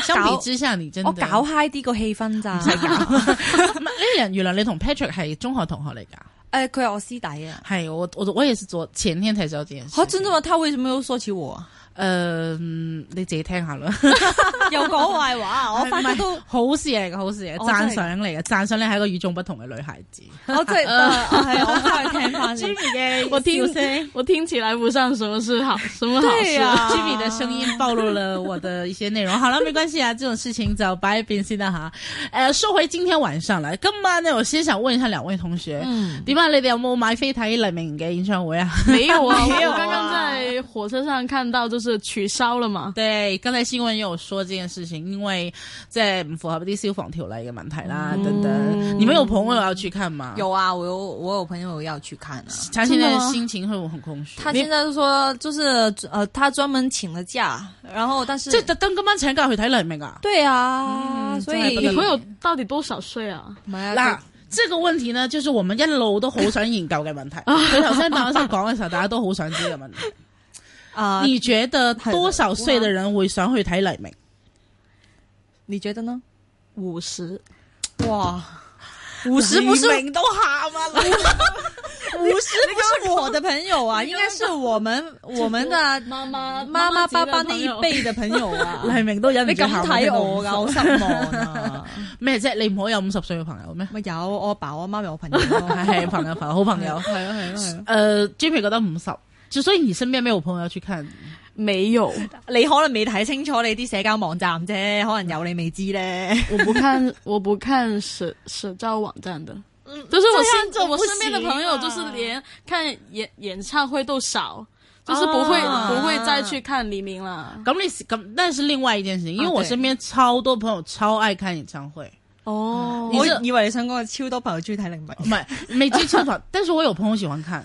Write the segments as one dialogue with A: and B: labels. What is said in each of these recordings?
A: .相比之下你真的我搞嗨啲個氣氛咋？呢人 原來你同 Patrick 係中學同學嚟㗎？誒、呃，佢係我師弟啊。係我我我也是做前天才知道件事。好，真的嗎？他為什麼又說起我？誒、呃，你自己聽一下咯，又講壞話，我唔係都好事嚟嘅，好事嚟嘅讚賞嚟嘅，讚賞你係一個與眾不同嘅女孩子，okay, 呃、 我真係好開心。Jimmy 嘅，我聽我聽起來不上什麼是好， 什麼好事。啊、 Jimmy 嘅聲音暴露了我的一些內容。 好啦，沒關係啊，這種事情就擺一邊先啦。吓，c i 誒，說回今天晚上啦，今晚呢，我先想問一下兩位同學，點、嗯、解你哋有冇買飛睇黎明嘅演唱會啊？沒有、啊， 沒有、啊。剛剛在火車上看到就是。是取消了嘛？對，剛才新聞也有說這件事情，因為即係唔符合啲消防條例嘅問題啦，等、嗯、等。你們有朋友要去看嗎？有啊，我有我有朋友要去看啊。佢現在心情會很空虛？他現在都說，就是，誒、呃，佢專門請了假，然後，但是，這登根本才搞佢太冷啊對啊，所以,、嗯、所以你朋友到底多少歲啊？嗱，這個問題呢，就是我們一路都想引門台 好上都想研究嘅問題。佢頭先大聲講的時候，大家都好想知的問題。啊、你覺得多少歲的人會想去睇黎明，啊？你覺得呢？五十？哇，五十不是都好嗎，啊？啊、 五十不是我的朋友啊，那個，應該是我們我們的媽媽媽媽爸爸呢一輩的朋友啊。 黎明都忍唔住笑我噶，好失望啊！咩 啫？你唔可以有五十歲嘅朋友咩？咪有我爸我媽有朋友，係 朋友 係朋友好朋友，係啊係啊係誒，J P 覺得五十。所以你身邊沒有朋友要去看？沒有，你可能沒睇清楚你啲社交網站啫，可能有你未知咧。 我不看，我不看社社交網站的，
B: 就是我現在、啊、我身邊的朋友，就是
A: 連看演演唱會都少，就是不會、啊、不會再去看黎明啦。咁你咁，但是另外一件事情，因為我身邊超多朋友超愛看演唱會。
B: 哦，嗯、我
A: 以為你想講超多朋友追睇黎明，唔係，沒追超多， 但是我有朋友喜歡看。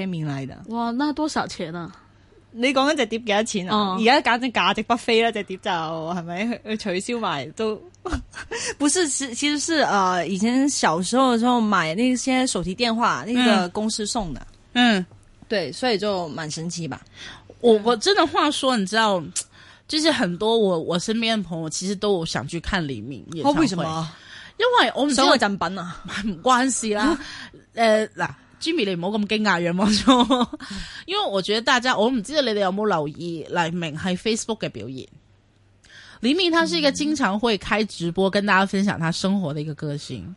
A: 簽名嚟的，哇，那多少錢啊？你講嗰隻碟幾多錢啊？而、嗯、家簡直價值不菲啦，隻碟就係咪去取消埋都？ 不是，其其實是，誒、呃，以前小時候的時候買那些手提電話，那個公司送的，嗯，嗯對，所以就蠻神奇吧。我，我真的話說，你知道，就是很多我我身邊的朋友其實都有想去看黎明演唱會，為什麼？因為我唔想我贈品啊，唔關事啦，誒、 呃，嗱。Jimmy，你唔好咁驚訝，讓望錯，因為我覺得大家，我唔知道你哋有冇留意黎明係 Facebook 嘅表現。黎明他是一個經常會開直播，跟大家分享他生活嘅一個歌星。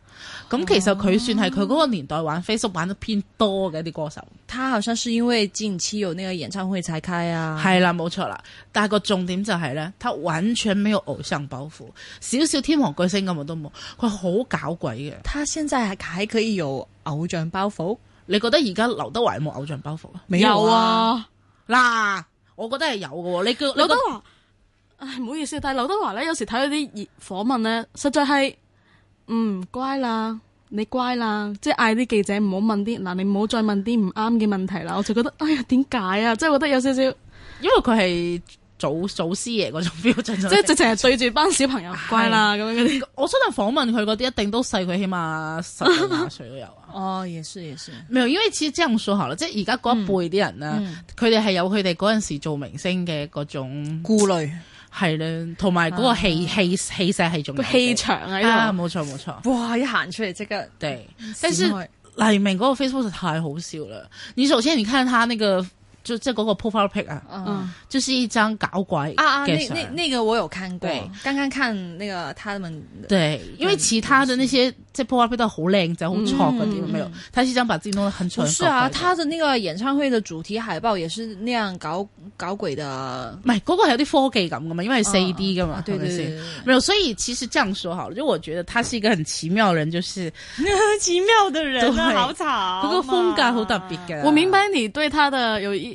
A: 咁其實佢算係佢嗰個年代玩 Facebook 玩得偏多嘅一啲歌手，啊。他好像是因為近期有那個演唱會才開啊。係啦，啊，冇錯啦。但係個重點就係，是、咧，他完全沒有偶像包袱，少少天王巨星咁都冇。佢好搞鬼嘅，他現在係可以有偶像包袱。你覺得而家劉德華有冇偶像包袱啊？有啊，嗱，啊，我覺得係有嘅。你叫劉德華，唉，唔好意思，但係劉德華咧，有時睇到啲熱訪問咧，實在係，嗯，乖啦，你乖啦，即係嗌啲記者唔好問啲，嗱，你唔好再問啲唔啱嘅問題啦。我就覺得，哎呀，點解啊？即係覺得有少少，因為佢係。祖祖師爺嗰種標準， 即係直情係對住班小朋友乖啦咁樣啲。我真嚟訪問佢嗰啲，一定都細佢起碼十幾廿歲都有。哦，yes yes。冇，因為似張學友啦，即係而家嗰一輩啲人咧，佢哋係有佢哋嗰陣時做明星嘅嗰種顧慮，係、嗯、啦，同埋嗰個氣、啊、氣氣勢係重要。氣場啊，啊，冇錯冇錯。哇！一行出嚟即刻，對，但是黎明嗰個 Facebook 太好笑啦！你首先你睇下他、那個，就這係嗰 profile pic 啊，嗯，就是一張搞鬼啊啊，那那那個我有看過，剛剛看那個他們，對，因為其他的那些這些破 profile pic 好靚然後潮嘅地方，嗯、有，沒有，他是將把自己弄得很蠢，哦、是啊，他的那個演唱會的主題海報也是那樣搞搞鬼的，唔係，嗰個有啲 four G 感嘛，因為 CD 噶嘛，對對對，沒有，所以其實這樣說好了，就我覺得他是一個很奇妙的人，就是很 奇妙的人真、啊、的好吵，嗰個風格好特別嘅、啊，我明白你對他的有一。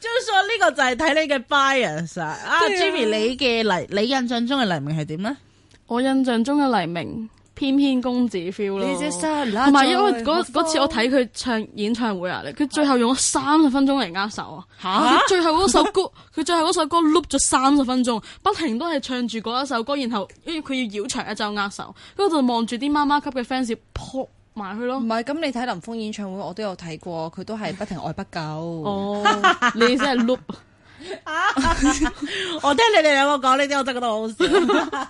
A: 張叔呢個就係睇你嘅 bias 啊、ah！Jimmy，你嘅黎，你印象中嘅黎明係點呢？我印象中嘅黎明，翩翩公子 feel 咯。同埋因為嗰嗰次我睇佢唱演唱會啊，佢最後用咗三十分鐘嚟握手啊！佢最後嗰首歌，佢最後嗰首歌碌咗三十分鐘，不停都係唱住嗰一首歌，然後因為佢要繞場一周握手，跟住就望住啲媽媽級嘅 fans，噗！埋咯，唔係咁你睇林峰演唱會，我都有睇過，佢都係不停愛不夠。 哦，你真係碌啊！我聽你哋兩個講呢啲，我真係覺得好笑。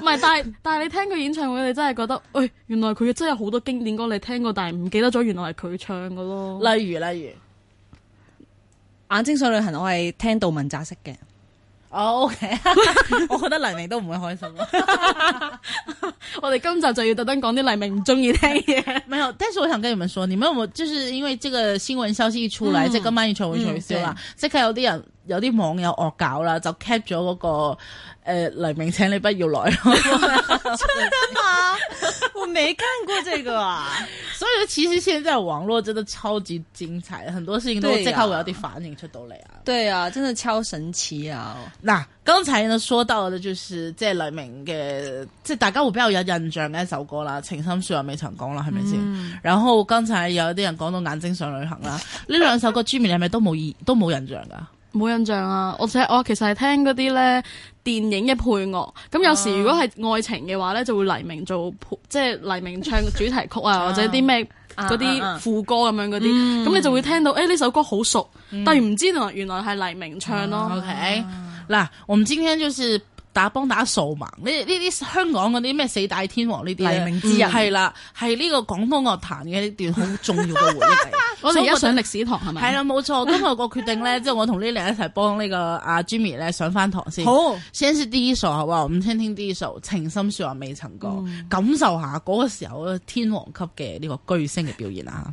A: 唔 係，但係但係你聽佢演唱會，你真係覺得，喂、欸、原來佢真係好多經典歌你聽過，但係唔記得咗，原來係佢唱嘅咯。例如例如，眼睛想旅行，我係聽杜汶澤識嘅。哦、oh，OK， 我覺得黎明都唔會開心咯。 我哋今集就要特登講啲黎明唔中意聽嘅。 嘢。冇，但係我想跟你哋講，你哋有冇？就係因為這個新聞消息一出來，嗯、即係今晚演唱會取消啦，即刻有啲人。有啲網友惡搞啦，就 cap 咗嗰個誒、呃、黎明，請你不要來
C: 咯。 真的嗎？
A: 我沒看過這個啊。 所以其實現在網絡真的超級精彩，很多事情都即刻會有啲反應出到嚟啊。對啊，真的超神奇啊！嗱、啊，剛才呢說到嘅，就是即係黎明嘅，即係大家會比較有印象嘅一首歌啦，《情深說話未曾講》啦，係咪先？然後剛才有啲人講到眼睛上旅行啦，呢 兩首歌朱妙你係咪都冇意都冇印象噶？冇印象啊！我即係我其實係聽嗰啲咧電影嘅配樂，咁有時如果係愛情嘅話咧，就會黎明做即係、就是、黎明唱主題曲啊， 或者啲咩嗰啲副歌咁樣嗰啲，咁、 嗯、你就會聽到，誒、欸、呢首歌好熟，嗯、但係唔知道原來係黎明唱咯。誒、嗯、嗱、okay? 啊，我唔知聽就是。打幫打掃盲，呢呢啲香港嗰啲咩四大天王呢啲，係啦，係呢個廣東樂壇嘅一段好重要嘅回憶。我哋而家上歷史堂係咪？係 啦，冇錯。今日個決定咧，即 係我同 Lily 一齊幫呢個阿 Jimmy 咧上翻堂 先。好先 e d s e the soul，五 e s o 情深說話未曾講，嗯，感受下嗰個時候天王級嘅呢個巨星嘅表現啊！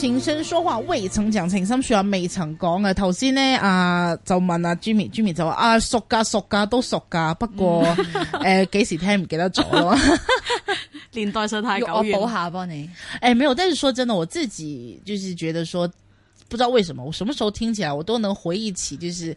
A: 情深說話未曾講，情深說話未曾講、呃、啊，啊！頭先呢，阿就問阿 Jimmy，Jimmy 就話，啊熟㗎，熟㗎，都熟㗎。不過，誒、嗯，幾、 呃、時聽唔記得咗咯？年 代實太久我補下幫你。誒、欸，沒有，但是說真的，我自己就是覺得說，不知道為什麼，我什麼時候聽起來，我都能回憶起，就是。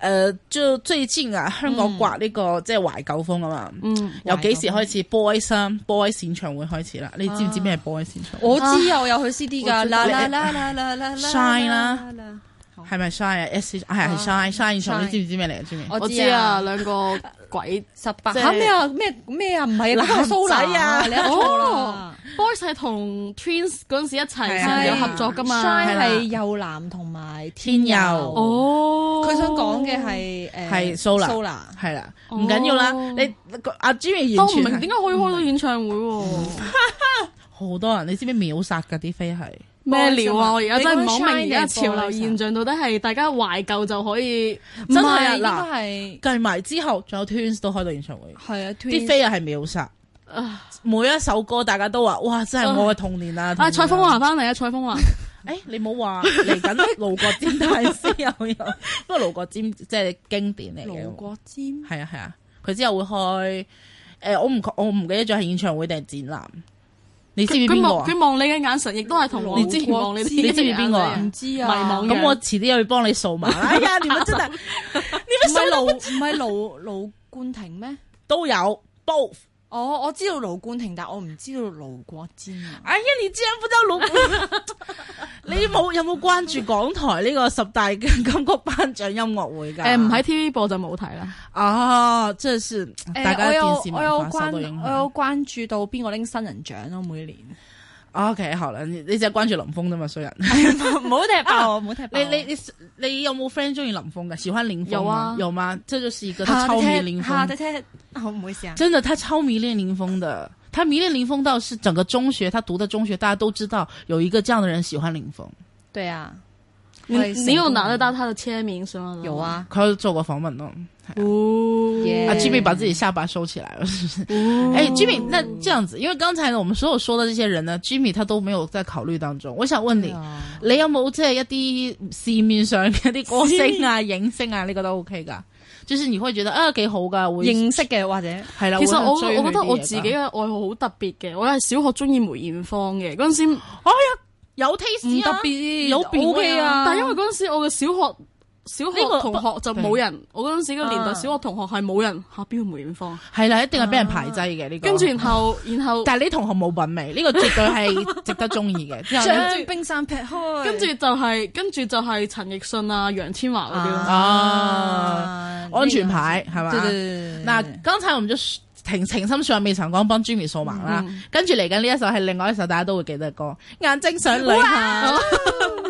A: 誒、呃、最最近啊，香港刮呢、這個、嗯、即係懷舊風啊嘛，嗯、由幾時開始？Boy 生 Boy 演唱會開始啦，你知唔知咩係 Boy 演唱會？我知啊，我啊有去 CD 㗎啦啦啦啦啦啦啦啦、啊啊、啦啦啦啦。係咪 shine？S C 係係 shine，shine 上你知唔知咩嚟？朱明，我知啊，兩 個鬼十八咩、就是、啊咩咩啊唔、啊啊 oh, oh, 啊 oh, uh, oh, 係啦，蘇禮啊，你好初咯，boys 係同 twins 嗰陣時一齊成日有合作噶嘛？shine 係又南同埋天佑。哦，佢想講嘅係誒，係蘇禮。蘇禮，係啦，唔緊要啦。你阿朱明完全都唔明點解可以開到演唱會喎、啊，好 多人，你知唔知秒殺噶啲飛係？
D: 咩料啊！我而家真係唔明嘅潮流現象，
A: 到底係大家懷舊就可以？真係啊，應該係計埋之後，仲有 Twins 都開到演唱會。係啊，啲飛又係秒殺啊！每一首歌大家都話，哇！真係我嘅童年啦！啊，蔡楓華翻嚟啊！蔡楓華，誒、 欸，你冇話嚟緊？盧國沾大師又有， 不過盧國沾即係經典嚟嘅。盧國沾係啊係啊，佢、啊、之後會開誒、呃，我唔我唔記得咗係演唱會定係展覽。你知知佢望佢望你嘅眼神，亦都係同我之前望你啲，你知唔知邊個？唔知啊，迷茫。咁我遲啲要去幫你掃埋。 哎呀，你個真係？ 你個掃唔係盧唔係盧盧冠廷咩？都有 both。哦，我知道盧冠廷，但係我唔知道盧國沾啊。哎呀，你知啊，不就盧冠？ 你冇有冇關注港台呢個十大金曲頒獎音樂會噶？誒、呃，唔喺 TV 播就冇睇啦。啊，即係是誒、呃，我有我有關我有關注到邊個拎新人獎咯，啊，每年。OK，好了，你你在關注林峰的嘛，所以唔好踢爆我，唔好踢爆。你你你你有冇 friend 中意林峰嘅？喜歡林峰嗎？有啊。有嗎？這就是一個，他超迷戀林峰、 哦啊。真的，他超迷戀林峰的，他迷戀林峰倒是整個中學，他讀的中學大家都知道有一個這樣的人喜歡林峰。對啊。你有拿得到他的簽名是嗎？有啊，佢做過訪問咯。哦、啊，oh, yeah. 啊，Jimmy 把自己下巴收起來了，是、oh. 欸、Jimmy 那這樣子，因為剛才呢我們所有說的這些人呢，Jimmy 他都沒有在考慮當中。我想問你，yeah. 你有冇一啲市面上一啲歌星啊、 影星啊？你覺得 OK 噶？就是你會覺得啊幾好噶，認識嘅或者係啦。其實我是、啊、我覺得我自己嘅愛好好特別嘅，我係小學中意梅艷芳嘅嗰陣時，哎呀有 taste 特別有變嘅，okay，啊但係因為嗰陣時我嘅小學小學同學就冇人，這個，我嗰陣時個年代小學同學係冇人下邊梅艷芳，係、啊、啦、啊啊，一定係俾人排擠嘅呢個。跟住然後然後，但係呢同學冇品味，呢、這個絕對係值得中意嘅。將冰山劈開，跟住就係跟住就係、是、陳奕迅啊、楊千嬅嗰啲啊，安全牌係嘛？嗱、啊，剛、啊、才我唔知。情情深處未曾講，幫 Jimmy 數盲啦。跟住嚟緊呢一首係另外一首，大家都會記得嘅歌，眼睛想旅行。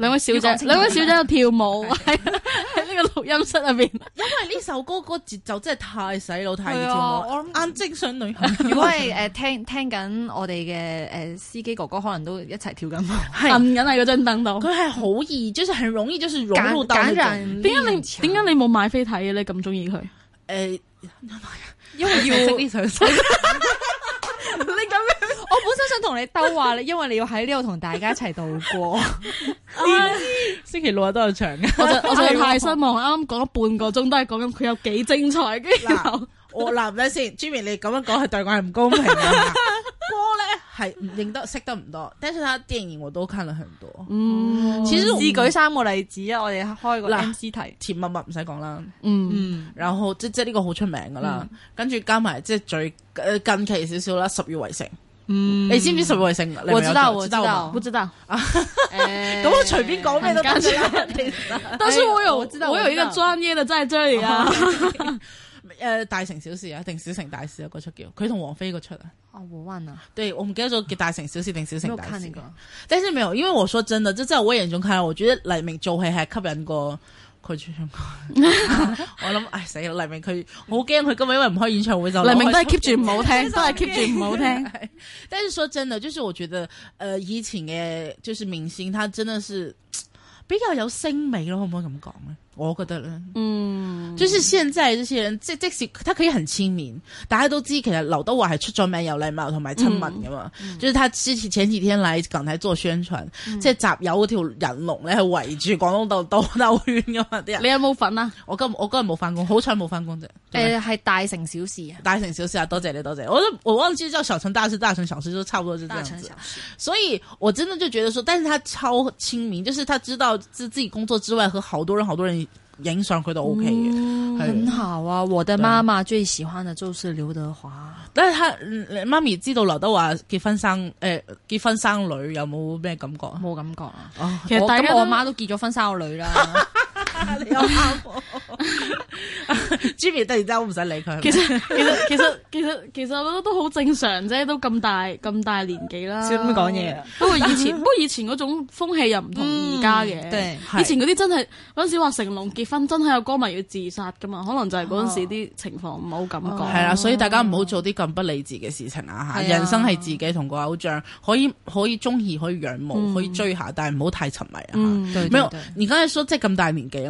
A: 兩位小姐，兩位小姐喺度跳舞，喺呢個錄音室入邊。因為呢首歌個節奏真係太洗腦，太易跳舞。我想旅行。如果係誒聽聽緊我哋嘅誒司機哥哥，可能都一齊跳緊舞，係瞓緊喺嗰張凳度。佢係好易，即係係容易，就是容易，就是容易就是，容易人到。感染。點解你點解你冇買飛睇嘅，你咁中意佢？誒、呃，因為要。因為要 你咁？我本身想同你兜話你因為你要喺呢度同大家一齊度過星、 啊、期六日都有場嘅。我就我就太失望，啱啱講咗半個鐘，都係講緊佢有幾精彩嘅。我男仔先，Jimmy 你咁樣講係對我係唔公平嘅。哥咧係唔認得，認識得唔多。但係佢電影我都睇得唔多。嗯，至少自舉三個例子啊。我哋開個 MC 題，甜蜜蜜唔使講啦。嗯，然後即即呢個好出名噶啦。跟、嗯、住加埋即最近期少少啦，十月圍城。你知唔知什麼星？我知道，我知道，不知道啊！咁、 欸、我隨便講咩都當住、欸、但是我有、欸我，我知道。我有一個專業嘅真係追啊！誒、欸 呃，大城小事啊，定小城大事啊，嗰出叫，佢同王菲嗰出啊。啊 o n 啊，對，我唔記得咗叫大城小事定小城大事。啊、有睇過、那個，但是沒有，因為我說真的，即就在我眼中看來，我覺得黎明做戲係吸引過。佢 唱、 啊，我諗，唉，死啦！黎明佢，我驚佢今日因為唔開演唱會就 黎明都係 keep 住唔好聽， 都係 keep 住唔好聽。 但係說真的，就是我覺得，誒、呃、以前嘅，就是明星，他真的是比較有星味咯，可唔可以咁講咧？我覺得咧，嗯，就是現在這些人即即使他可以很親民，大家都知其實劉德華係出咗名有禮貌同埋親民噶嘛、嗯。就是他之前前幾天嚟港台做宣傳，即係集有條人龍咧，係圍住廣東道兜兜圈噶嘛啲人。你有冇份啊？我今我今日冇翻工，好彩冇翻工啫。誒，係、欸、大城小事啊！大城小事啊！多謝你，多謝。我都我我唔記得叫，小城大事，大城小事都差不多就咁樣子。大城小事。所以我真的就覺得說，但是他超親民，就是他知道自己工作之外，和好多人好多人。影相佢都 OK 嘅，很好啊！我的媽媽最喜歡的就是劉德華，但係佢媽咪知道劉德華結婚生，誒結婚生女有冇咩感覺啊？冇感覺啊！哦，其實咁我阿媽都結咗婚生個女啦。 你有啱婆，Jimmy 突然之間我唔使理佢。其實 其實其實其實其實我覺得都好正常啫，都咁大咁大年紀啦。少咁講嘢。不過以前 不過以前嗰種風氣又唔同而家嘅。以前嗰啲真係嗰陣時話成龍結婚真係有歌迷要自殺噶嘛？可能就係嗰陣時啲情況唔好咁講。係、啊、啦、啊啊，所以大家唔好做啲咁不理智嘅事情啊！吓，人生係自己同個偶像可以可以中意可以仰慕、嗯、可以追下，但係唔好太沉迷啊。唔、嗯、係，而家阿叔即係咁大年紀。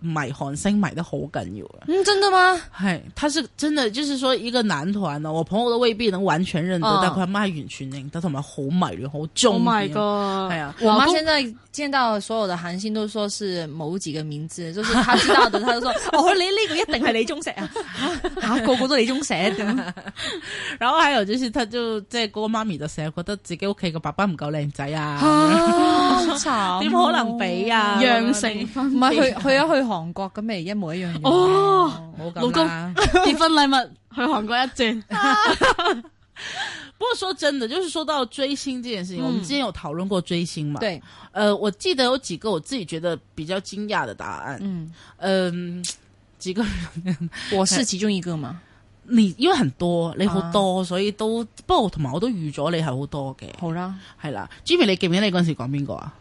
A: 迷韓星迷得好緊要啊！嗯，真的嗎？係，他是真的，就是說一個男團啊，我朋友都未必能完全認得，哦、但佢阿媽係完全認得，同埋好迷戀，好鍾意。Oh、my God！係啊，我媽,媽現在見到所有的韓星都說是某幾個名字，就是他知道的，他 就都說：， 哦，你呢個一定係李鍾石啊！ 啊，個個都李鐘石。 然後還有，就是他就即係嗰、那個媽咪就成日覺得自己屋企個爸爸唔夠靚仔啊！啊 好慘憐、哦，點 可能比啊？楊成唔係去去啊去！去去韓國咁咪一模一樣樣哦，老公結婚禮物 去韓國一轉。啊、 不過說真的，就是說到追星這件事情，嗯，我們之前有討論過追星嘛？對，呃我記得有幾個我自己覺得比較驚訝的答案。嗯，嗯，幾個，人 我是其中一個嘛。 你因為很多，你好多，啊，所以都不過同埋我都預咗你係好多嘅。好啦，係啦。Jimmy 你記唔記得你嗰陣時講邊個啊？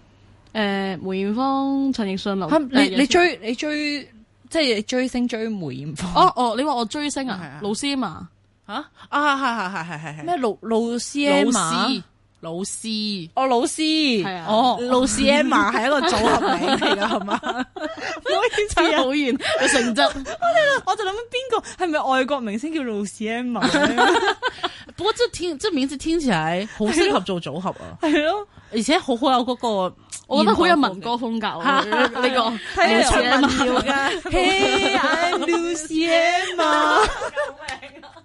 A: 誒、呃、梅艷芳、陳奕迅、林、嗯嗯、你你，你追你追，即係追星追梅艷芳啊？哦，哦，你話我追星啊？係係係老師啊嘛嚇，啊係係係係係係咩老老師？老師老師，哦老師，哦，老師是、啊 oh, Lucy Emma 係、嗯、一個組合名嚟噶，係 嘛？我以前好我、啊、成日，我 哋、哦，我就諗邊個係咪外國明星叫 Lucy Emma？ 不過，即聽，即名字聽起嚟好適合做組合啊。係咯，而且好好有嗰、那個，我覺得好有民歌風格啊。呢、 這個，係 Lucy Emma、 hey, Lucy 啊，Lucy Emma。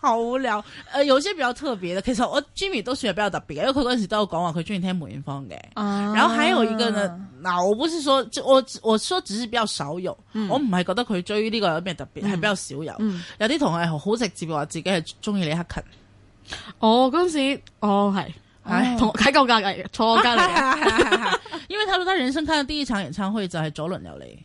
A: 好無聊，誒、呃，有些比較特別的，其實我 Jimmy 都算係比較特別嘅，因為佢嗰時都有講話佢中意聽梅艷芳嘅，
B: 然後還有一個呢，
A: 嗱、啊，我不是說，我我說只是比較少有，嗯、我唔係覺得佢追呢個有咩特別，係比較少有，嗯嗯、有啲同學好直接話自己係中意李克勤，哦，嗰時，哦係，唉，同睇夠架嘅，錯、哎、家嚟嘅， 因為他說他人生睇嘅第一場演唱會就係左麟右李。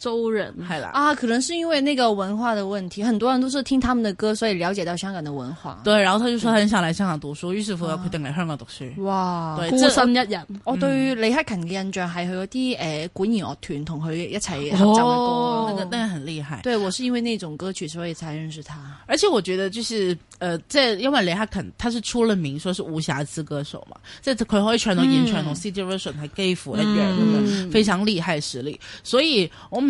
A: 周人係啦，啊，可能是因為那個文化的問題，很多人都是聽他們的歌，所以了解到香港的文化。對，然後他就說他很想來香港讀書，嗯、於是乎佢決定嚟香港讀書。哇，對，孤身一人。我、嗯哦、對李克勤的印象係佢嗰啲誒管弦樂團同佢一齊合奏嘅歌，啊，哦，那個那個很厲害。對，我是因為那種歌曲，所以才認識他。而且我覺得就是，呃即係，因為李克勤，他是出了名，說是無瑕疵歌手嘛，即係佢可以唱到現場同 situation 係幾乎一樣咁樣，非常厲害，實力。所以我們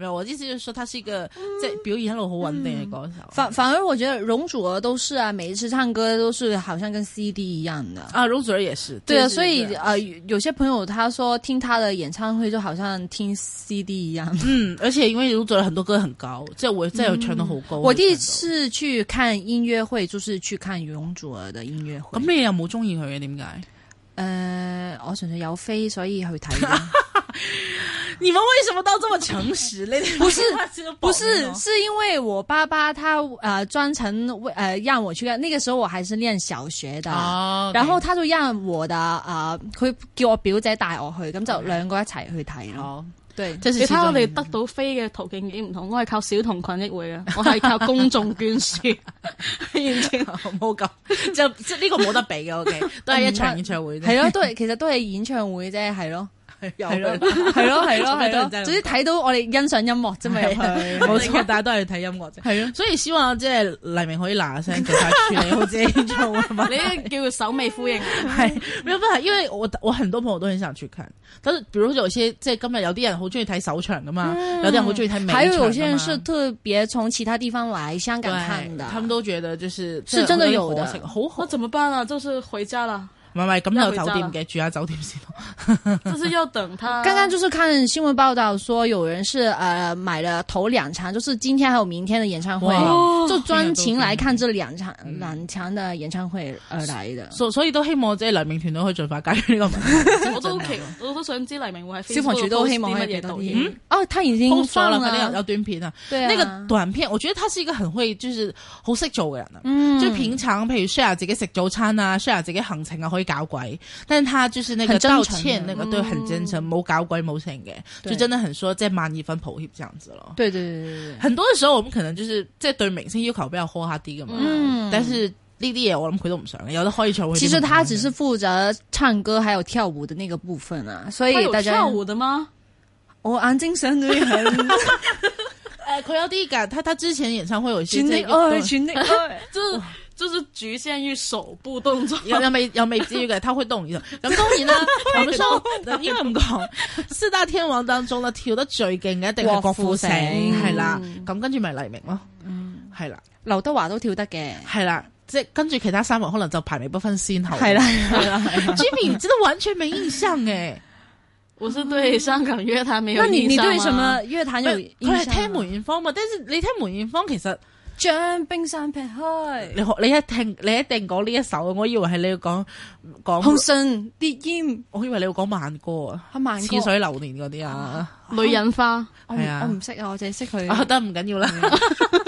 A: 沒有，我意思就是說，他是一個即、嗯、表演得好穩定的歌手。反反而我覺得容祖兒都是啊，每一次唱歌都是好像跟 CD 一樣的。啊，容祖兒也是。也是對啊，所以呃有些朋友他說聽他的演唱會就好像聽 CD 一樣。嗯，而且因為容祖兒很多歌很高，即我會即係唱到好高、嗯。我第一次去看音樂會，就是去看容祖兒的音樂會。咁你有冇中意佢嘅？點解？呃我純粹有飛所以去睇。 你們為什麼都這麼誠實咧？ 不是, 是，不是，是因為我爸爸他，呃，專程，呃，讓我去。那個時候我還是念小學的，oh, okay. 然後他就讓我的，呃，佢叫我表姐帶我去，咁就兩個一齊去睇咯。Oh, 對，就其、是、他我哋得到飛嘅途徑已經唔同，我係靠小童群益會嘅，我係靠公眾捐書。唔好咁，就即係呢個冇得比嘅，OK，都係一場演唱會。係咯，都係、okay, 其實都係演唱會啫，係咯。係咯，係 咯樂，係咯，係 咯對對， 總之睇到我哋欣賞音樂啫嘛，冇錯，大家都係睇音樂啫。係咯，所以希望即係黎明可以拿聲咁去，你好自己做，或者叫佢首尾呼應係。唔係，因為我我很多朋友都很想去看，但是比如有些即係今日有啲人好中意睇首場噶嘛，有啲人好中意睇尾場。還有有些人是特別從其他地方來香港看的，他們都覺得就是真的的是真的有的。好好那怎麼辦啊？就是回家啦。唔係，咁有酒店嘅，住下酒店先咯。 這是要等他。剛剛就是看新聞報道，說有人是，誒、呃，買了頭兩場，就是今天還有明天的演唱會，哦、就專程來看這兩場兩場的演唱會而來的。所以所以都希望即黎明團隊可以盡快解決呢個問題、嗯我。我都想知黎明會喺消防局都希望乜嘢導演、嗯？哦，他已經放啦，有有短片啊。那個短片、啊，我覺得他是一個很會，就是好識做嘅人啊。即、嗯、平常，譬如 share 自己食早餐啊，share 自己行程啊，可以。搞鬼，但他就是那個道歉，那個對很真誠，冇、嗯、搞鬼冇成嘅，就真的很說就是、萬二分抱歉這樣子咯。對對對對很多的時候我們可能就是即、就是、對明星要求比較苛刻啲噶嘛、嗯，但是呢啲嘢我諗佢都唔想嘅，有得可以唱。其實他只是負責唱歌還有跳舞的那個部分啊，所以大家他有跳舞的嗎？我眼睛對很誒，佢有啲感，他他，他之前演唱會有一些，真的愛真的愛，就。就是局限於手部動作， 有冇，有冇至於嘅，他會動一下。咁當然啦。 我們上說艷 四大天王當中啦，跳得最勁嘅一定係郭富城，係、嗯、啦。咁跟住咪黎明咯，係啦。劉德華都跳得嘅，係啦。即係跟住其他三王可能就排名不分先後的。係 啦，Jimmy 真係完全沒印象誒。 我是對香港樂壇沒有印象、啊。你對什麼樂壇有印象、啊？佢係聽梅艷芳嘛？ 但是你聽梅艷芳其實。將冰山劈開，你你一聽，你一定講呢一首，我以為係你要講講紅信啲煙，我以為你要講慢歌啊，慢歌似水流年嗰啲啊，女人花，我我唔識，我只識啊，我淨係識佢，我覺得唔緊要啦。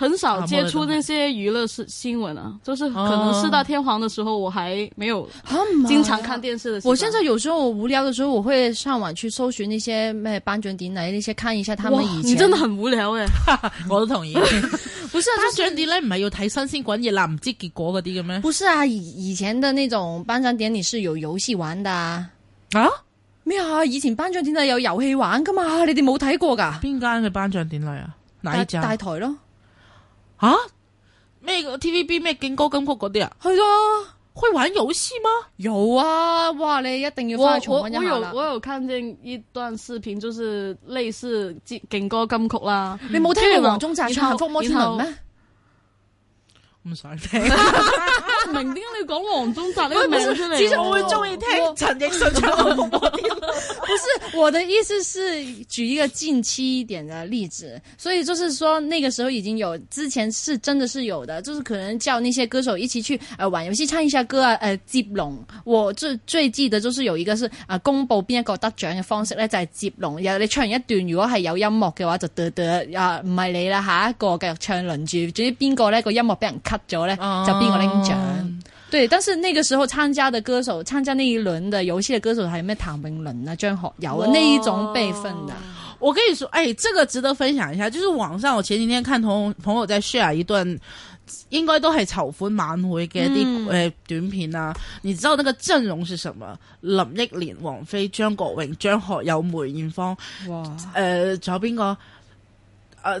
A: 很少接觸那些娛樂新聞啊，啊，就是可能四大天王的時候，啊，我還沒有經常看電視的。啊、我現在有時候我無聊的時候，我會上網去搜尋那些咩頒獎典禮那些，看一下他們以前。你真的很無聊哎、欸， 我都同意。 不是頒、啊、獎、就是、典禮唔係要睇新鮮滾熱辣唔知結果嗰啲嘅咩？不是啊，以前的那種頒獎典禮是有遊戲玩的啊。啊，咩啊？以前頒獎典禮有遊戲玩噶嘛？你哋冇睇過噶？邊間嘅頒獎典禮啊？哪一家大，大台咯。啊咩個 TVB 咩勁歌金曲嗰啲啊，係啊，會玩遊戲嗎？有啊，哇，你一定要翻去重溫一下我，我有我有看見一段視頻，就是類似勁勁歌金曲啦，嗯。你冇聽過黃宗澤唱《摩天輪》咩？嗯唔使聽 明點解你講黃宗澤呢個名出嚟，之前我會中意聽陳奕迅唱好，不是我的意思是舉一個近期一點的例子，所以就是說那個時候已經有，之前是真的是有的，就是可能叫那些歌手一起去玩遊戲唱一下歌啊，呃、接龍。我最最記得就是有一個是，呃、公布邊一個得獎嘅方式咧，就係、是、接龍，然後你唱一段，如果係有音樂嘅話就得得。啊唔係你啦，下一個繼續唱輪住，至於邊個呢、那個音樂俾人。咗咧就邊個拎獎，oh. 對，但是那個時候參加的歌手，參加那一輪的遊戲嘅歌手係咩？譚詠麟啊，張學友啊，oh. 那一種輩分的、啊。我跟你說，誒、欸，這個值得分享一下，就是網上我前幾天看同朋友在 share 一段，應該都係籌款晚會嘅一啲誒短片啊，mm. 你知道那個陣容是什麼？林憶蓮、王菲、張國榮、張學友、梅艷芳，誒、oh. 呃，仲有邊個？誒、呃。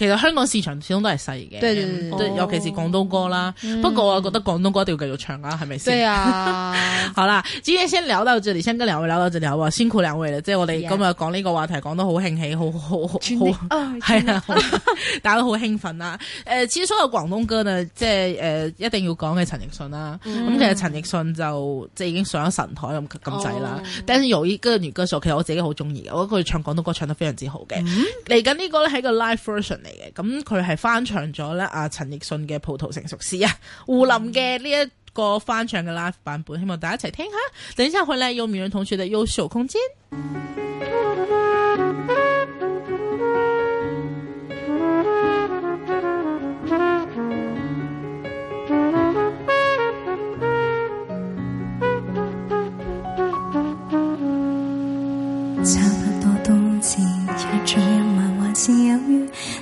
A: 其實香港市場始終都係細嘅，尤其是廣東歌啦、嗯。不過我覺得廣東歌一定要繼續唱啦，係咪先？對啊。 好啦，只係新年扭到這裡，就連新跟兩位扭到這裡，就連話辛苦兩位啦。即係我哋今日講呢個話題講得好興起，好好好係啊，大家都好興奮啦。誒，至所有廣東歌咧，即係誒、呃、一定要講嘅陳奕迅啦、啊。咁、嗯、其實陳奕迅就即係已經上咗神台咁滯啦。但係有啲歌粵歌手，其實我自己好中意嘅，我覺得佢唱廣東歌唱得非常之好嘅。嚟、嗯、緊呢個咧係個 live version 咁佢係翻唱咗咧阿陳奕迅嘅《葡萄成熟時》啊，胡林嘅呢一個翻唱嘅 live 版本，希望大家一齊聽一下。等一下回來有名人同學嘅優秀空間。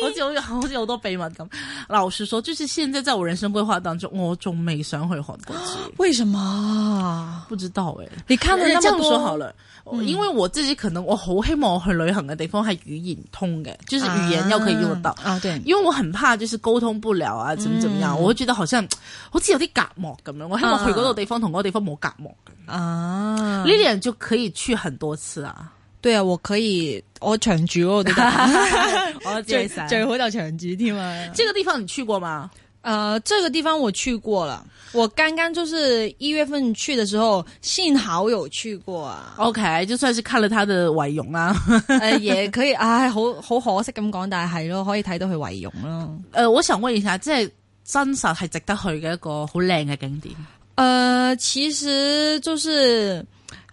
A: 好似有好似好多秘密咁，老實說，就是現在在我人生規劃當中，我仲未想去韓國。為什麼？不知道誒、欸。你看了那麼多好了，因為我自己可能我好希望去旅行嘅地方係語言通嘅，就是語言又可以用得到。啊，對。因為我很怕就是溝通不了啊，怎麼怎麼樣，嗯。我覺得好像好似有啲隔膜咁樣，我希望去嗰個地方同嗰個地方冇隔膜。啊，呢啲就可以去很多次啊。對啊，我可以我長住 我啲，我最最好就長住添啊！這個地方你去過嗎？呃，這個地方我去過了， 我剛剛就是一月份去的時候，幸好有去過啊。OK，就算是看了他的遺容啦，誒、 呃，也可以啊好好可惜咁講，但係咯，可以睇到佢遺容咯。誒、呃，我想問一下即係真實係值得去嘅一個好靚嘅景點。誒、呃，其實就是，誒、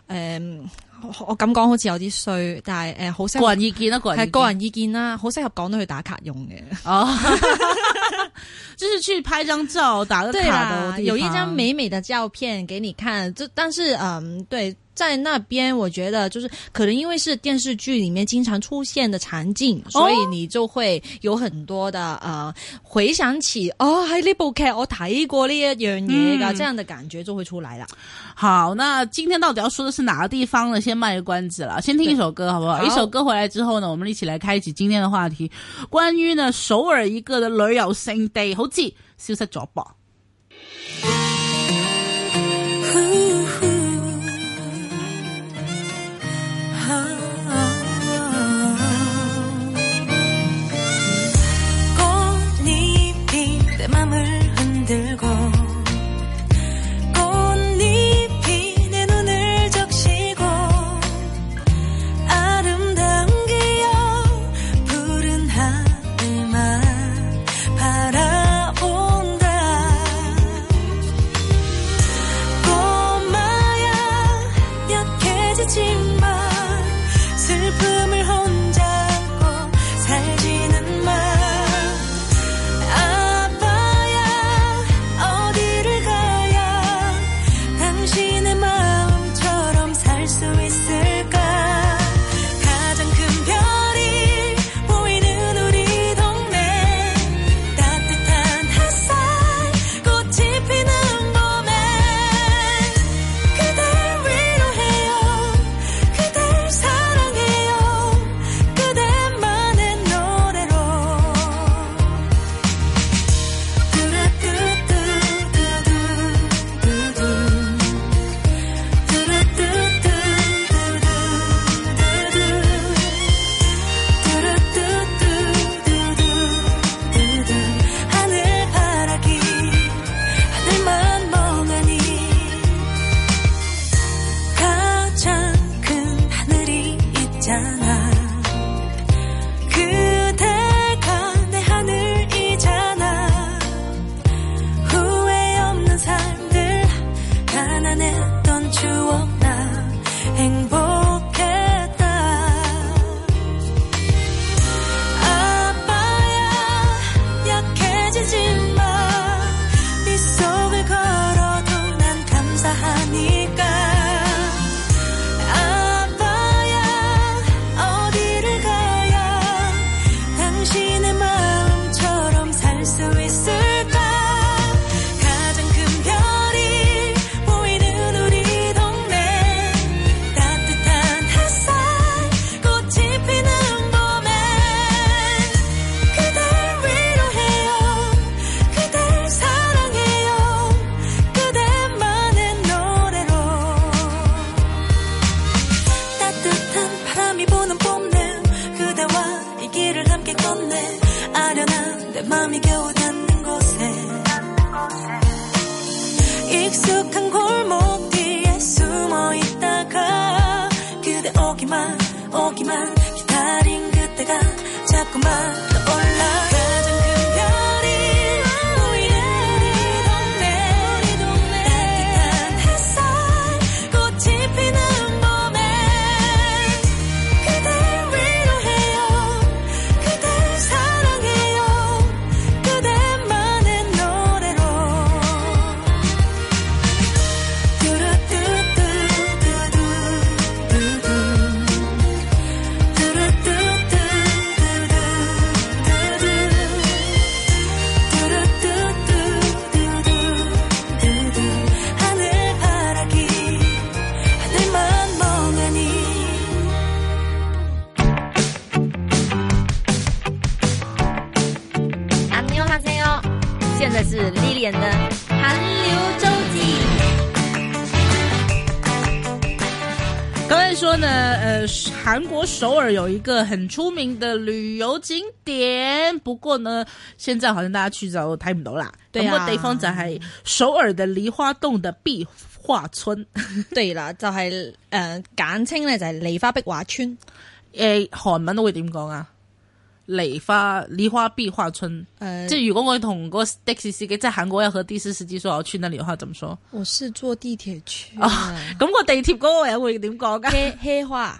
A: 呃。我我咁講好似有啲衰，但係誒好適個人意見啦、啊。個人係個人意見啦，好適、啊、合講到去打卡用嘅，哦，即 係 去拍張照打個卡的，有一張美美的照片給你看，就，但是，嗯，對。在那邊，我覺得就是可能因為是電視劇裏面經常出現的場景，哦、所以你就會有很多的呃回想起哦，喺呢部劇我睇過呢一樣嘢噶，這樣的感覺就會出來了。好，那今天到底要說的是哪個地方呢？先賣個關子啦，先聽一首歌好不好，好？一首歌回來之後呢，我們一起來開啟今天的話題，關於呢首爾一個的旅遊勝地，好似消失咗啵。 韓國首爾有一個很出名的旅遊景點，不過呢，現在好像大家去就睇唔到啦。對啊，不、那、過、個、地方就係首爾的梨花洞的壁畫村。對啦，就係、是、誒、嗯，簡稱咧就係、是、梨花壁畫村。誒、欸，韓文都會點講啊？梨花梨花壁畫村。即、嗯、係如果我同個的士司機，即係韓國要和的士司機說我去那裡的話怎麼說？我是坐地鐵去、啊。咁、哦那個地鐵嗰個人會點講噶？黑花。黑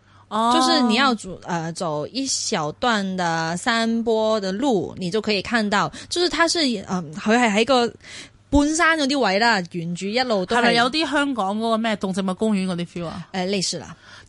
A: 哦、就是你要走呃走一小段的山坡的路，你就可以看到，就是它是嗯佢係喺個半山嗰啲位啦，沿住一路都係。係咪有啲香港嗰個咩動植物公園嗰啲 feel 啊？誒、呃，類似啦。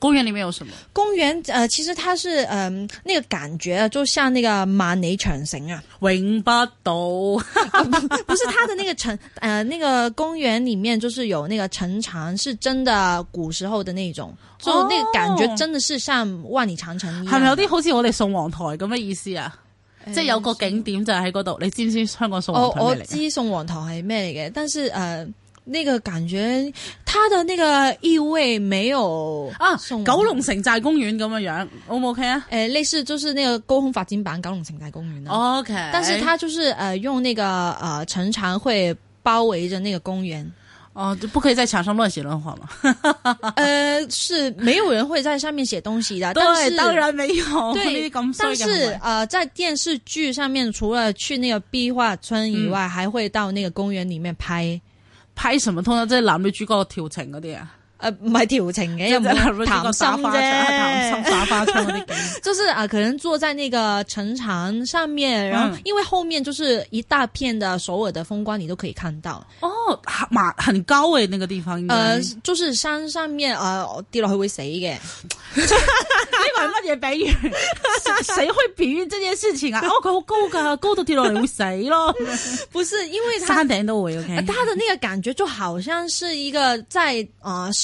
A: 公園裏面有什麼？公園呃，其實它是嗯、呃，那個感覺就像那個萬里長城啊，永不倒。 不是它的那個城 呃，那個公園裏面就是有那個城牆，是真的古時候的那種，就、哦、那個感覺真的是像萬里長城一樣、啊。係咪有啲好似我哋宋皇台咁嘅意思啊？欸、即係有個景點就喺嗰度，你知唔知香港宋皇台、哦、我知宋皇台係咩嘅，但是呃。那個感覺，他的那個意味沒有啊。九龍城寨公園咁嘅樣，O 唔 OK 啊？誒、呃，類似就是那個《高空法金版》九龍城寨公園、啊，OK。但是他就是呃，用那個呃城牆會包圍着那個公園。哦、啊，就不可以在牆上亂寫亂畫嗎？ 呃，是 沒有人會在上面寫東西的。對，當然沒有。對，這這但是呃，呃，在電視劇上面，除了去那個壁畫村以外，嗯、還會到那個公園裏面拍。拍什麼通啊？即係男女主角調情嗰啲啊！呃，唔係調情嘅，又唔係談沙發啫，談上沙發嗰啲。就是啊、 就是呃，可能坐在那個城牆上面，然後、嗯、因為後面就是一大片的首爾的風光，你都可以看到。哦，馬、啊、很高誒，那個地方應該。呃，就是山上面，誒跌落去會死嘅。呢個係乜嘢比喻？誰會比喻這件事情啊？ 哦，佢好高㗎，高度跌落嚟會死咯。 不是，因為他山頂都我有睇。他、okay 呃、的那個感覺就好像是一個在啊。呃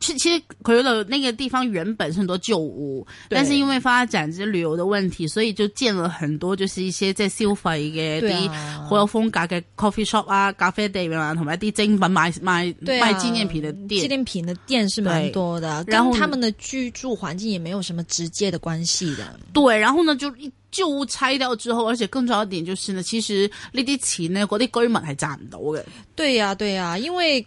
A: 其實，那個地方原本是很多舊屋，但是因為發展這旅遊的問題，所以就建了很多，就是一些在修復的、一啲好有風格嘅 coffee shop 啊、咖啡店啊，同埋一些精品賣賣、啊、賣紀念品的店。紀念品的店是蠻多的，跟他們的居住環境也沒有什麼直接的關係的。對，然後呢，就舊屋拆掉之後，而且更重要一點就是呢，其實呢啲錢呢，嗰啲居民係賺唔到的。對呀，對呀、啊啊，因為。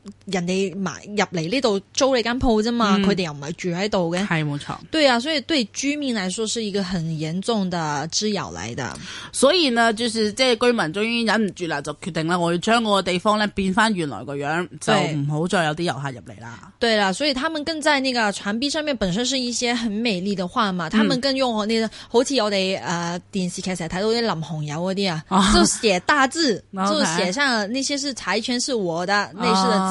A: 人哋買入嚟呢度租你間鋪啫嘛，佢、嗯、哋又唔係住喺度嘅，係冇錯。對啊，所以對居民來說是一個很嚴重的滋擾嚟的。所以呢，就是即係居民終於忍唔住啦，就決定啦，我要將我個地方咧變翻原來個樣，就唔好再有啲遊客入嚟啦。對啦，所以他們更在那個牆壁上面本身是一些很美麗的畫嘛、嗯，他們更用我呢，好似我哋誒電視劇成日睇到啲林紅油嗰啲啊，就寫大字， 就寫上那些是柴犬，是我的、啊、那是的。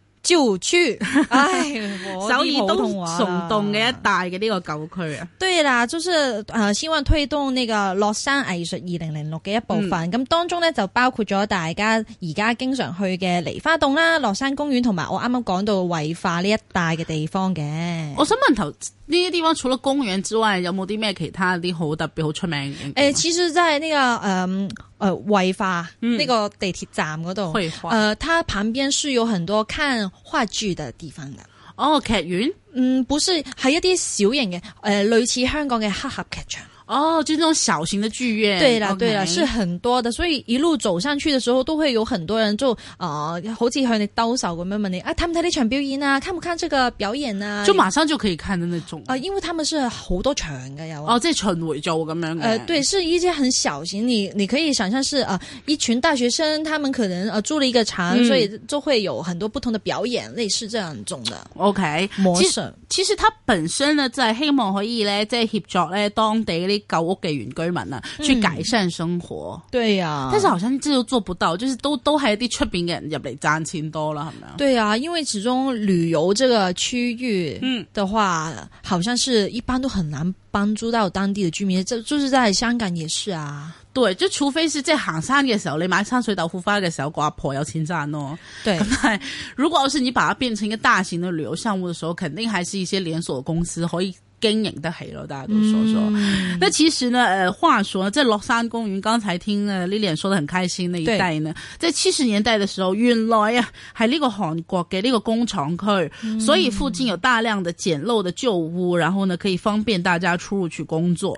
A: 舊區，唉，首爾東崇洞嘅一帶嘅呢個舊區啊， 對啦，就是，誒，希望推動呢個駱山藝術二零零六嘅一部分，咁、嗯、當中咧就包括咗大家而家經常去嘅梨花洞啦、駱山公園，同埋我啱啱講到惠化呢一帶嘅地方嘅。我想問頭呢啲地方，除咗公園之外，有冇啲咩其他啲好特別、好出名嘅？誒、欸，其實即係呢個，誒、嗯。誒、呃，惠化呢個地鐵站嗰度，誒、嗯呃，它旁邊是有很多看話劇的地方嘅。哦，劇院，嗯，本身係一啲小型嘅，誒、呃，類似香港嘅黑盒劇場。哦，就這種小型的劇院，對了、okay，對了，是很多的，所以一路走上去的時候，都會有很多人就啊、呃，好似向你兜售過，問問你啊，他們看那場表演啊？看不看這個表演啊？就馬上就可以看的那種啊、呃，因為他們是好多場的有，有哦，即、就、係、是、巡迴做咁樣嘅，誒、呃，對，是一些很小型，你你可以想象是啊、呃，一群大學生，他們可能啊、呃、租了一個場、嗯，所以就會有很多不同的表演，類似這樣種的。OK，馬上其實它本身呢，就係希望可以呢，即係協助呢當地嗰啲。搞屋嘅原居民啊、嗯，去改善生活，對呀、啊。但是好像呢都做不到，就是都都係一啲出邊嘅人入嚟賺錢多啦，係咪？對啊，因為始終旅遊這個區域，嗯，的話，好像是一般都很難幫助到當地的居民。就、嗯、就是在香港也是啊，對，就除非是即行山嘅時候，你買山水豆腐花嘅時候，個阿婆有錢賺咯。對，如果要是你把它變成一個大型的旅遊項目嘅時候，肯定還是一些連鎖的公司可以。跟影得起咯，大家都說說、嗯、那其實呢，呃話說在係山公園，剛才聽呢呢人說的很開心。那一代呢，在七十年代的時候，原來呀，喺呢個韓國嘅呢個工廠去、嗯，所以附近有大量的簡陋的舊屋，然後呢可以方便大家出入去工作。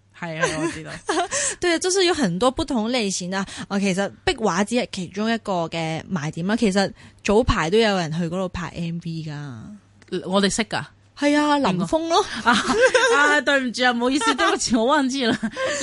A: 係 啊，我知道。 對啊，就是有很多不同類型啊。我其實壁畫只係其中一個嘅賣點啦。其實早排都有人去嗰度拍 MV 噶，我哋識噶。係啊，林峰咯 啊！啊，對唔住，唔好意思， 對不起，我忘記了。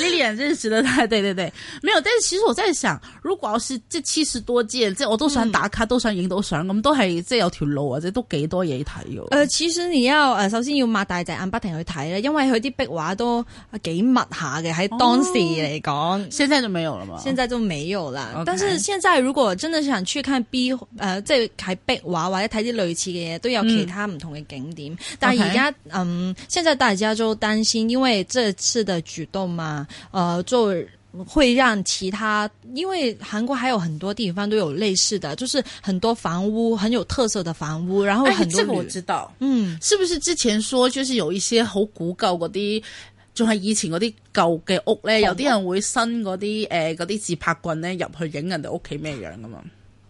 A: Lily 認識的他，對對對，沒有。但係其實我在想，如果要是即七十多件即係我都想打卡，嗯、都想影到相咁，都係即係有條路或者都幾多嘢睇嘅。誒、呃，其實你要誒，首先要擘大隻眼不停去睇咧，因為佢啲壁畫都幾密下嘅，喺當時嚟講、哦。現在就沒有了嘛。現在就沒有啦、okay。但是現在如果真的想去看 B 誒、呃，即係睇壁畫或者睇啲類似嘅嘢，都有其他唔同嘅景點，嗯而家嗯，現在大家都擔心，因為這次的舉動嘛，呃，就會讓其他，因為韓國還有很多地方都有類似的，就是很多房屋很有特色的房屋，然後很多、欸。這個我知道，嗯，是不是之前說就是有一些好古舊啲，仲係以前啲舊嘅屋咧、嗯，有啲人會伸啲誒啲自拍棍咧入去影人哋屋企咩樣咁嘛。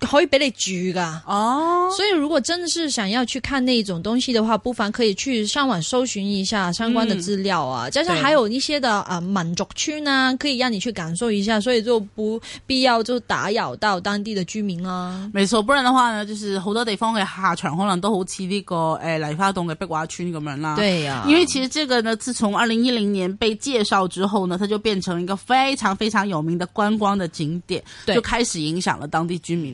A: 可以俾你住噶哦，所以如果真的是想要去看那種東西的話，不妨可以去上網搜尋一下相關的資料啊。嗯、加上還有一些的啊，民族區呢，可以讓你去感受一下，所以就不必要就打擾到當地的居民啊。沒錯，不然的話呢，就是好多地方嘅下場可能都好似呢、這個誒、哎，梨花洞嘅壁畫村咁樣啦。對呀、啊，因為其實這個呢，自從二零一零年被介紹之後呢，它就變成一個非常非常有名的觀光的景點，對，就開始影響了當地居民。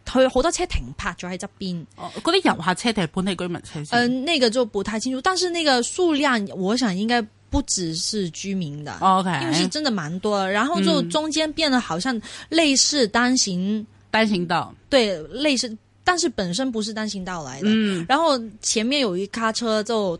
A: 佢好多車停泊咗喺側邊，嗰啲遊客車停本地居民車？嗯，那個就不太清楚，但是那個數量我想應該不只是居民的，因為是真的蠻多。然後就中間變得好像類似單行單行道，對，類似，但是本身不是單行道來的。嗯，然後前面有一卡車就。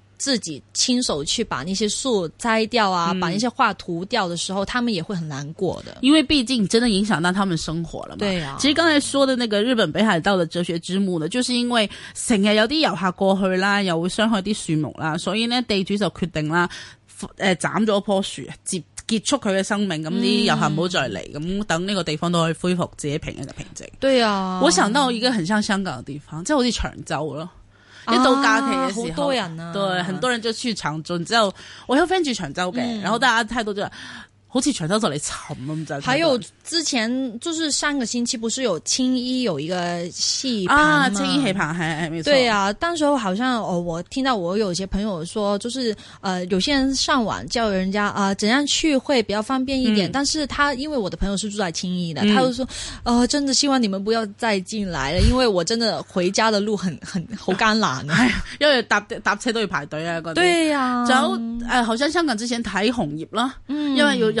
A: 自己親手去把那些樹摘掉啊，嗯、把那些畫塗掉的時候，他們也會很難過的，因為畢竟真的影響到他們生活了嘛。對啊。其實剛才說的那個日本北海道的哲學之墓呢，就是因為成日有啲遊客過去啦，又會傷害啲樹木啦，所以呢地主就決定啦，誒、呃、斬咗一棵樹，結結束佢嘅生命，咁啲遊客唔好再嚟，咁等呢個地方都可以恢復自己平一個平靜。對啊。我想到一個很像香港嘅地方，即係好似長洲咯
D: 一到假期嘅時候，啊啊對啊！很
A: 多人就去長洲，之後我有 friend 住長洲嘅，然後大家態度就。好似長洲就嚟沉咁就。還有之前就是上個星期不是有青衣有一個戲棚？啊，青衣戲棚係係，對啊，當時候好像哦，我聽到我有些朋友說，就是呃有些人上網叫人家啊、呃，怎樣去會比較方便一點，嗯、但是他因為我的朋友是住在青衣的，嗯，他就說，哦、呃，真的希望你們不要再進來了，因為我真的回家的路很很好艱難。 因為有搭搭車都要排隊啊嗰啲，對呀，啊，然後哎，好像香港之前睇紅葉啦，嗯，因為有。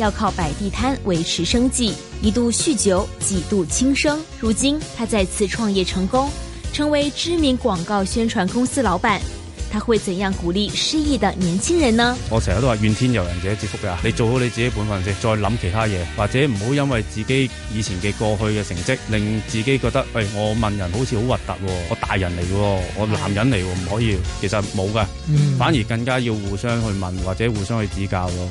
E: 要靠擺地攤維持生計，一度酗酒，幾度輕生。如今他再次創業成功，成為知名廣告宣傳公司老闆。他會怎樣鼓勵失意的年輕人呢？
F: 我成日都話怨天尤人者之福㗎，你做好你自己本分先，再諗其他嘢，或者唔好因為自己以前嘅過去嘅成績，令自己覺得，誒、哎，我問人好似好核突，我大人嚟、我男人嚟，唔可以。其實冇噶、嗯，反而更加要互相去問或者互相去指教咯。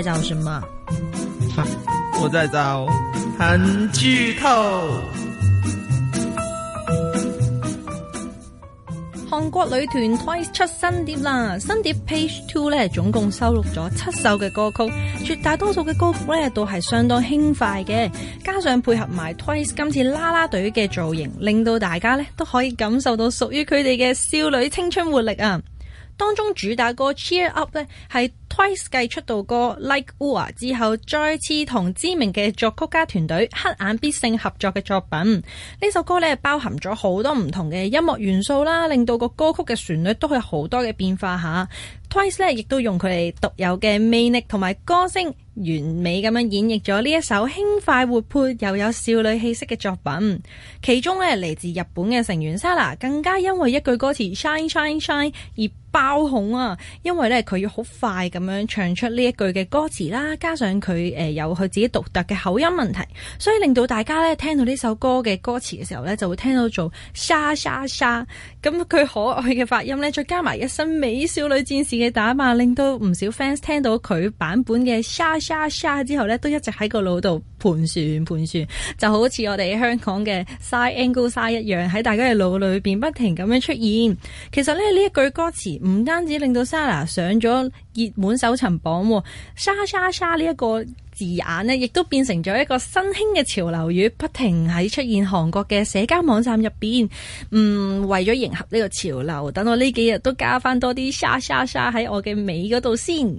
A: 在、就
D: 是啊、我在找韓劇透。
A: 韓國女團 Twice 出新碟啦！新碟 Page Two 總共收錄咗七首嘅歌曲，絕大多數嘅歌曲咧都係相當輕快嘅，加上配合埋 Twice 今次啦啦隊嘅造型，令到大家咧都可以感受到屬於佢哋嘅少女青春活力啊！當中主打歌《Cheer Up》呢，係 Twice 繼出道歌《Like War》之後再次同知名嘅作曲家團隊「黑眼必勝」合作嘅作品。呢首歌，呢包含咗好多唔同嘅音樂元素啦，令到個歌曲嘅旋律都係好多嘅變化吓。 Twice 呢，亦都用佢哋獨有嘅魅力同埋歌聲。完美咁樣演繹咗呢一首輕快活潑又有少女氣息嘅作品，其中咧嚟自日本嘅成員莎娜更加因為一句歌詞 shine shine shine 而爆紅啊！因為咧佢要好快咁樣唱出呢一句嘅歌詞啦，加上佢誒有佢自己獨特嘅口音問題，所以令到大家咧聽到呢首歌嘅歌詞嘅時候咧，就會聽到做沙沙沙咁，佢可愛嘅發音咧，再加埋一身美少女戰士嘅打扮，令到唔少 fans 聽到佢版本嘅沙，沙。沙沙之後咧，都一直喺個腦度盤旋盤旋，就好似我哋香港嘅 side angle 沙一樣喺大家嘅腦裏邊不停咁樣出現。其實咧呢一句歌詞唔單止令到莎娜上咗熱門搜尋榜，哦，沙沙沙呢一個字眼呢，亦都變成咗一個新興嘅潮流語，不停喺出現韓國嘅社交網站入邊。嗯，為咗迎合呢個潮流，等我呢幾日都加翻多啲沙沙沙喺我嘅尾嗰度先。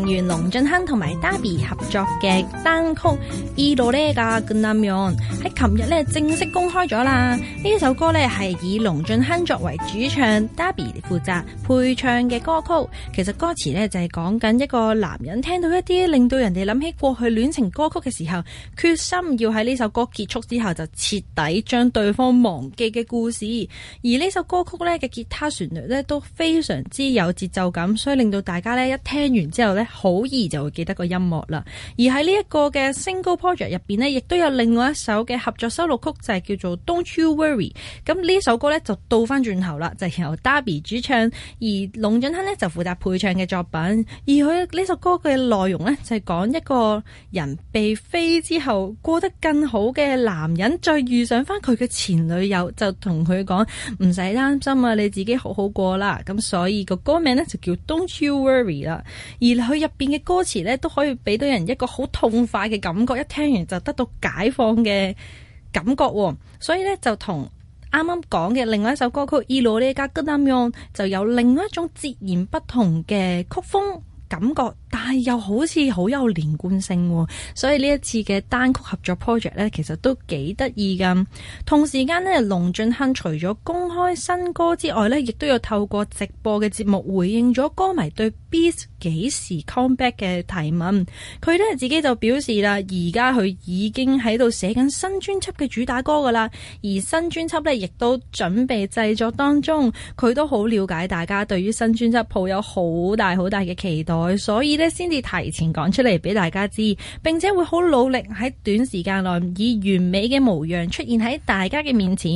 A: 成員龍俊亨同埋 Dabi 合作嘅單曲《E 羅咧噶 Gunamion》喺琴日咧正式公開咗啦！呢一首歌咧係以龍俊亨作為主唱，Dabi，負責配唱嘅歌曲，其實歌詞咧就係講緊一個男人聽到一啲令到人哋諗起過去戀情歌曲嘅時候，決心要喺呢首歌結束之後就徹底將對方忘記嘅故事。而呢首歌曲咧嘅吉他旋律咧都非常之有節奏感，所以令到大家咧一聽完之後咧好易就會記得個音樂啦。而喺呢一個嘅 single project 入邊咧，亦都有另外一首嘅合作收錄曲就係、是、叫做 Don’t You Worry。咁呢首歌咧就倒翻轉頭啦，就係由 Dabby 主。唱，而龍俊亨呢，就負責配唱嘅作品，而佢呢首歌嘅內容呢，就係講一個人被飛之後過得更好嘅男人再遇上翻佢嘅前女友，就同佢講唔使擔心啊，你自己好好過啦。咁所以個歌名呢，就叫 Don’t You Worry 啦。而佢入邊嘅歌詞呢，都可以俾到人一個好痛快嘅感覺，一聽完就得到解放嘅感覺喎。所以呢，就同。啱啱講嘅另外一首歌曲《Eloise Goodman》就有另外一種截然不同嘅曲風感覺，但係又好似好有連貫性喎。所以呢一次嘅單曲合作 project 呢，其實都幾得意㗎。同時間呢，龍俊亨除咗公開新歌之外呢，亦都有透過直播嘅節目回應咗歌迷對 Beast 幾時 come back 嘅提問，佢咧自己就表示啦，而家佢已經喺度寫緊新專輯嘅主打歌噶啦，而新專輯咧亦都準備製作當中，佢都好了解大家對於新專輯抱有好大好大嘅期待，所以咧先至提前講出嚟俾大家知，並且會好努力喺短時間內以完美嘅模樣出現喺大家嘅面前。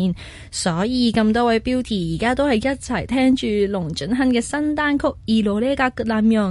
A: 所以咁多位 Beauty 而家都係一齊聽住龍俊亨嘅新單曲《二路呢一格咁樣。》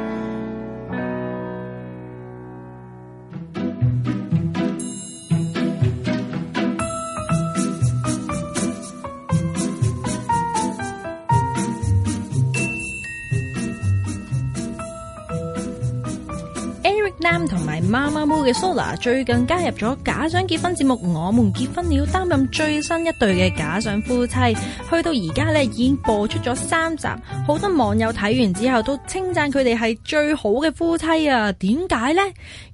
A: 嘅 Sola 最近加入咗假想結婚節目《我們結婚了》，擔任最新一對嘅假想夫妻。去到而家咧，已經播出咗三集，好多網友睇完之後都稱讚佢哋係最好嘅夫妻啊！點解呢？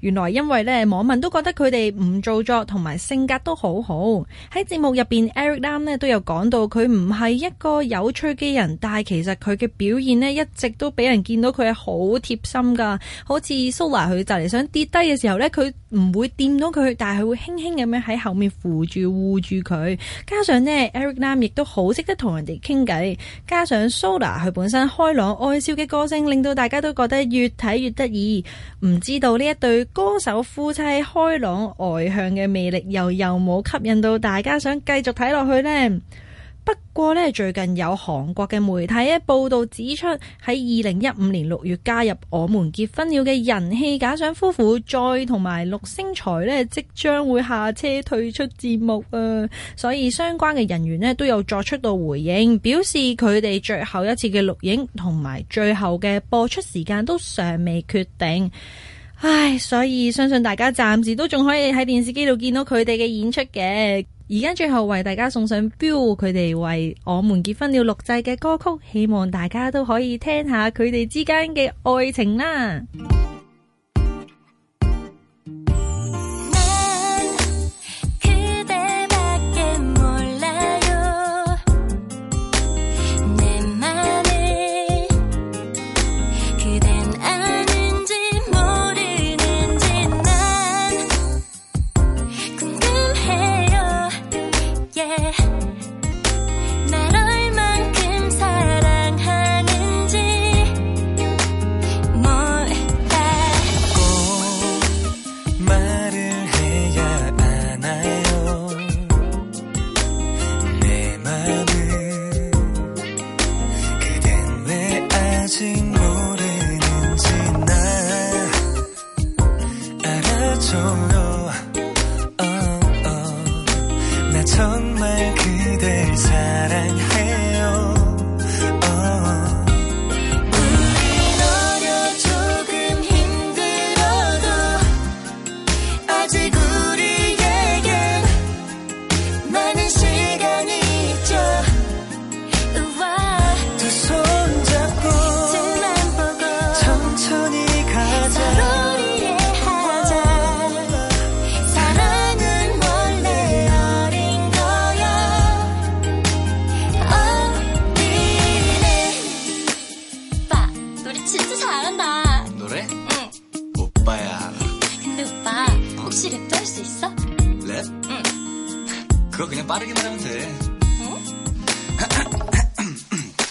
A: 原來因為咧，網民都覺得佢哋唔做作，同埋性格都好好。喺節目入邊，Eric Lam 咧都有講到，佢唔係一個有趣嘅人，但係其實佢嘅表現咧一直都俾人見到佢係好貼心噶，好似 Sola 佢就嚟想跌低嘅時候。.咧佢唔會掂到佢，但係佢會輕輕咁樣喺後面扶住護住佢。加上呢 Eric Nam 亦都好識得同人哋傾偈，加上 Sola 佢本身開朗愛笑嘅歌聲，令到大家都覺得越睇越得意。唔知道呢一對歌手夫妻開朗外向嘅魅力又又冇吸引到大家想繼續睇落去呢？不過呢，最近有韓國嘅媒體報道指出，喺二零一五年六月加入《我們結婚了》嘅人氣假想夫婦，再同埋陸星材呢，即將會下車退出節目啊！所以相關嘅人員呢都有作出到回應，表示佢哋最後一次嘅錄影同埋最後嘅播出時間都尚未決定。唉，所以相信大家暫時都仲可以喺電視機度見到佢哋嘅演出嘅。而家最後為大家送上 Bill 佢哋為我們結婚了錄製嘅歌曲，希望大家都可以聽下佢哋之間嘅愛情啦。